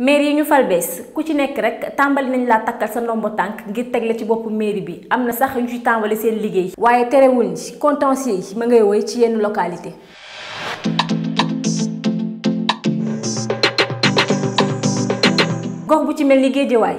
mairie yi ñu fal bees ku ci nekk rek tàmbali nañ laa takkal sa ndombo tànk ngir teg la ci boppu mairie bi am na sax ñu ci tàmbali seen liggéey. waaye terewul ni contentieux yi ma ngay woy ci yenn localité gox bu ci mel ni Géejawaay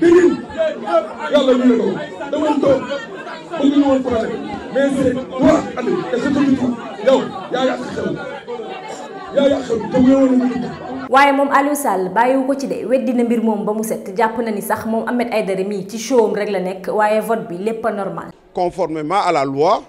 Périm yàlla ñu ne ko Aliou Sall ko ci de weddi na mbir mom ba set japp na ni sax mom Ahmed Aïdara mi ci showam rek la nek waye vote bi lepp normal. conformément à la loi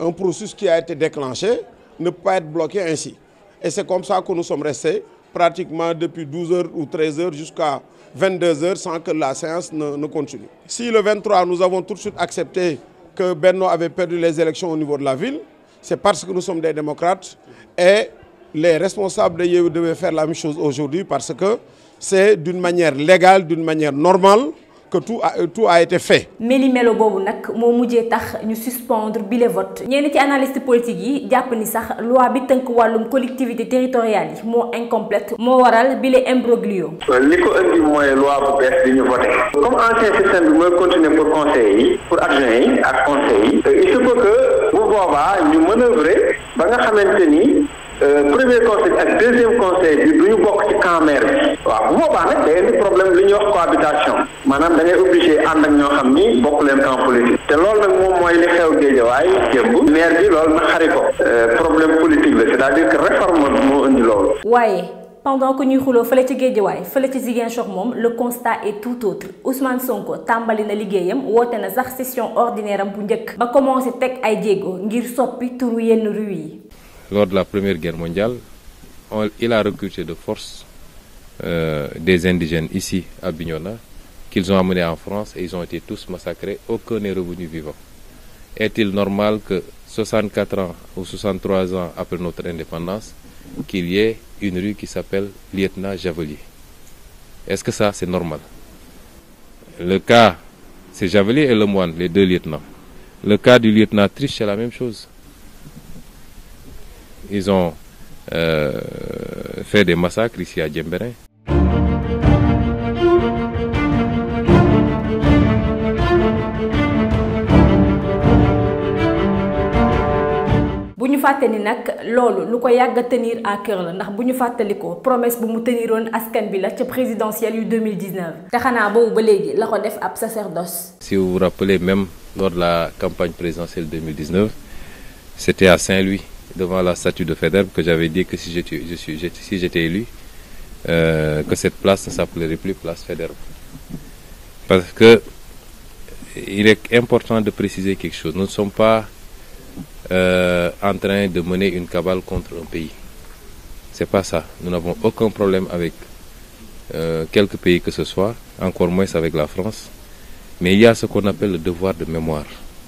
un processus qui a été déclenché ne peut être bloqué ainsi et c'est comme ça que nous sommes restés pratiquement depuis 12h ou 13h jusqu'à 22h sans que la séance ne, continue. Si le 23, nous avons tout de suite accepté que Bernard avait perdu les élections au niveau de la ville, c'est parce que nous sommes des démocrates et les responsables de Yéou devaient faire la même chose aujourd'hui parce que c'est d'une manière légale, d'une manière normale, que tout a tout a été fait. meli melo Bobu nak mo mujjé tax ñu suspendre bile vote. ñenn ci analyste politique yi japp ni sax loi bi teunk walum collectivité territoriale mo incomplète mo waral bile imbroglio. Euh, li ko indi mooy loi bu bees bi ñu voter. comme ancien système bi continuer pour conseil pour adjoint ak conseil yi. Euh, il se peut que bu boobaa ñu manœuvrer ba nga xamanteni euh, premier conseil deuxième conseil du bokk ci camp bu problème li cohabitation da obligé ak politique te loolu li xew euh, problème politique c'est-à-dire que réforme moo indi pendant que ñuy xuloo fële ci le constat est tout autre Ousmane Sonko tàmbali na liggéeyam woote na session ordinaire bu ba commencé teg ay jéego ngir soppi lors de la Première Guerre mondiale, il a recruté de force euh, des indigènes ici à Bignona, qu'ils ont amenés en France et ils ont été tous massacrés, aucun n'est revenu vivant. Est-il normal que 64 ans ou 63 ans après notre indépendance, qu'il y ait une rue qui s'appelle Lieutenant Javelier Est-ce que ça, c'est normal Le cas, c'est Javelier et le moine, les deux lieutenants. Le cas du lieutenant Triche, c'est la même chose. Ils ont euh, fait des massacres ici à Djemberin. bu ñu ni nag tenir à cœur la ndax buñu ñu promesse bu mu teniroon askan bi la ca présidentielle yu 2019 te xana boobu ba légui la ko def ab sacerdoce. si vous vous rappelez même lors de la campagne présidentielle 2019 c'était à Saint-Louis devant la statue de Federer que j'avais dit que si j'étais, je si j'étais élu, euh, que cette place ne s'appellerait plus place FEDERB Parce que il est important de préciser quelque chose. Nous ne sommes pas euh, en train de mener une cabale contre un pays. C'est pas ça. Nous n'avons aucun problème avec euh, quelques pays que ce soit, encore moins avec la France. Mais il y a ce qu'on appelle le devoir de mémoire.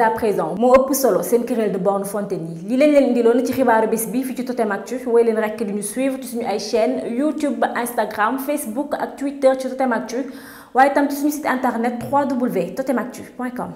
à présent Mon Poussolo, solo une querelle de borne fontaine yi lii lañ leen indiloon ci xibaaru bés bi ci Totem Actu woy leen rekk di ñu suivre tu suñu ay chaînes YouTube Instagram Facebook ak Twitter ci Totem Actu ou tam ci site internet www.totemactu.com